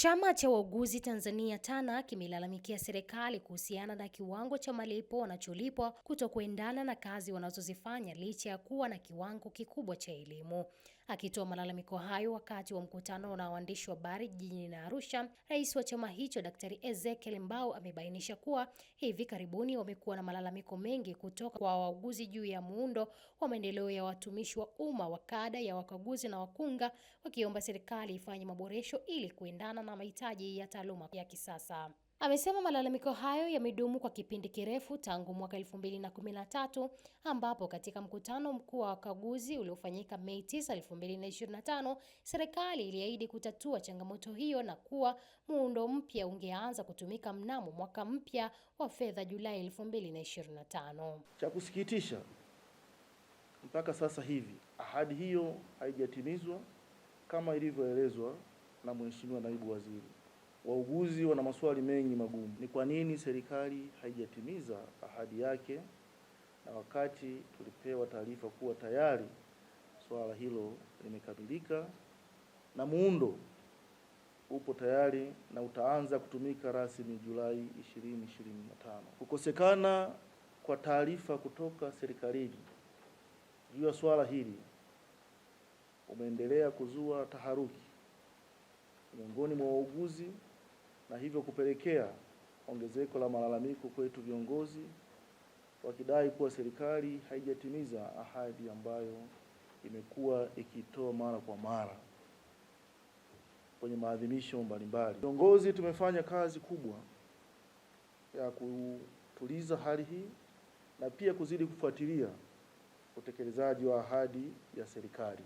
Chama cha wauguzi Tanzania TANA kimelalamikia serikali kuhusiana na kiwango cha malipo wanacholipwa kutokuendana na kazi wanazozifanya licha ya kuwa na kiwango kikubwa cha elimu. Akitoa malalamiko hayo wakati wa mkutano na waandishi wa habari jijini na Arusha, rais wa chama hicho Daktari Ezekiel Mbao amebainisha kuwa hivi karibuni wamekuwa na malalamiko mengi kutoka kwa wauguzi juu ya muundo wa maendeleo ya watumishi wa umma wa kada ya wakaguzi na wakunga, wakiomba serikali ifanye maboresho ili kuendana na mahitaji ya taaluma ya kisasa. Amesema malalamiko hayo yamedumu kwa kipindi kirefu tangu mwaka 2013 ambapo katika mkutano mkuu wa wakaguzi uliofanyika Mei 9, 2025, serikali iliahidi kutatua changamoto hiyo na kuwa muundo mpya ungeanza kutumika mnamo mwaka mpya wa fedha Julai 2025. Cha kusikitisha, mpaka sasa hivi ahadi hiyo haijatimizwa kama ilivyoelezwa na Mheshimiwa Naibu Waziri. Wauguzi wana maswali mengi magumu. Ni kwa nini serikali haijatimiza ahadi yake, na wakati tulipewa taarifa kuwa tayari swala hilo limekamilika na muundo upo tayari na utaanza kutumika rasmi Julai 2025. Kukosekana kwa taarifa kutoka serikalini juu ya swala hili umeendelea kuzua taharuki miongoni mwa wauguzi na hivyo kupelekea ongezeko la malalamiko kwetu viongozi, wakidai kuwa serikali haijatimiza ahadi ambayo imekuwa ikitoa mara kwa mara kwenye maadhimisho mbalimbali. Viongozi tumefanya kazi kubwa ya kutuliza hali hii na pia kuzidi kufuatilia utekelezaji wa ahadi ya serikali.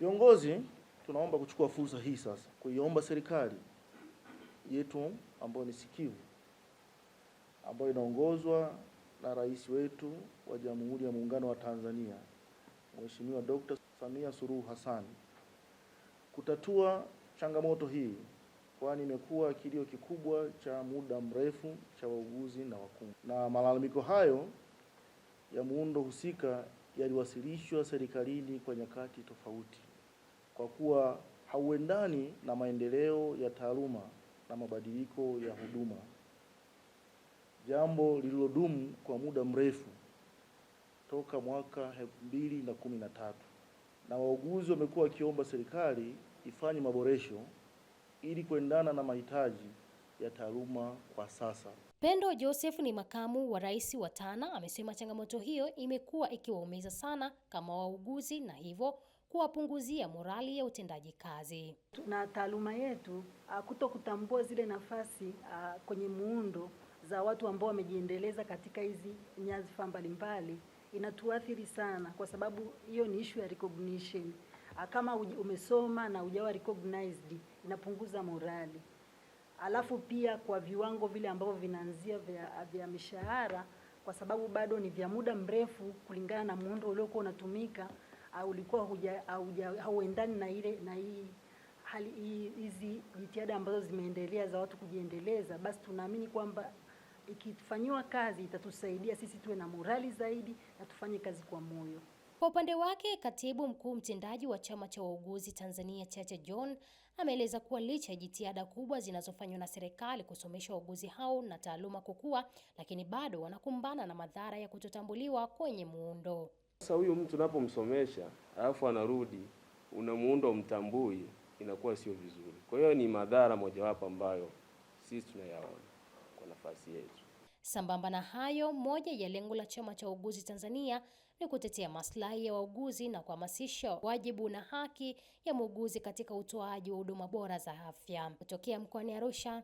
Viongozi tunaomba kuchukua fursa hii sasa kuiomba serikali yetu ambayo ni sikivu ambayo inaongozwa na rais wetu wa Jamhuri ya Muungano wa Tanzania Mheshimiwa Dr. Samia Suluhu Hassan kutatua changamoto hii, kwani imekuwa kilio kikubwa cha muda mrefu cha wauguzi na wakuu. na malalamiko hayo ya muundo husika yaliwasilishwa serikalini kwa nyakati tofauti, kwa kuwa hauendani na maendeleo ya taaluma na mabadiliko ya huduma, jambo lililodumu kwa muda mrefu toka mwaka mbili na, na wauguzi wamekuwa wakiomba serikali ifanye maboresho ili kuendana na mahitaji ya taaluma kwa sasa. Pendo Joseph ni makamu wa rais wa TANA amesema changamoto hiyo imekuwa ikiwaumiza sana kama wauguzi na hivyo kuwapunguzia morali ya utendaji kazi. Na taaluma yetu ah, kuto kutambua zile nafasi ah, kwenye muundo za watu ambao wamejiendeleza katika hizi nyadhifa mbalimbali inatuathiri sana, kwa sababu hiyo ni ishu ya recognition. Ah, kama umesoma na ujawa recognized, inapunguza morali. Alafu pia kwa viwango vile ambavyo vinaanzia vya, vya mishahara, kwa sababu bado ni vya muda mrefu kulingana na muundo uliokuwa unatumika ulikuwa hauendani na ile na hii hali hizi jitihada ambazo zimeendelea za watu kujiendeleza, basi tunaamini kwamba ikifanyiwa kazi itatusaidia sisi tuwe na morali zaidi na tufanye kazi kwa moyo. Kwa upande wake, katibu mkuu mtendaji wa chama cha wauguzi Tanzania Chacha John ameeleza kuwa licha ya jitihada kubwa zinazofanywa na serikali kusomesha wauguzi hao na taaluma kukua, lakini bado wanakumbana na madhara ya kutotambuliwa kwenye muundo. Sasa huyu mtu unapomsomesha alafu anarudi una muundo mtambui, inakuwa sio vizuri. Kwa hiyo ni madhara mojawapo ambayo sisi tunayaona kwa nafasi yetu. Sambamba na hayo, moja ya lengo la Chama cha Wauguzi Tanzania ni kutetea maslahi ya wauguzi na kuhamasisha wajibu na haki ya muuguzi katika utoaji wa huduma bora za afya. Kutokea mkoani Arusha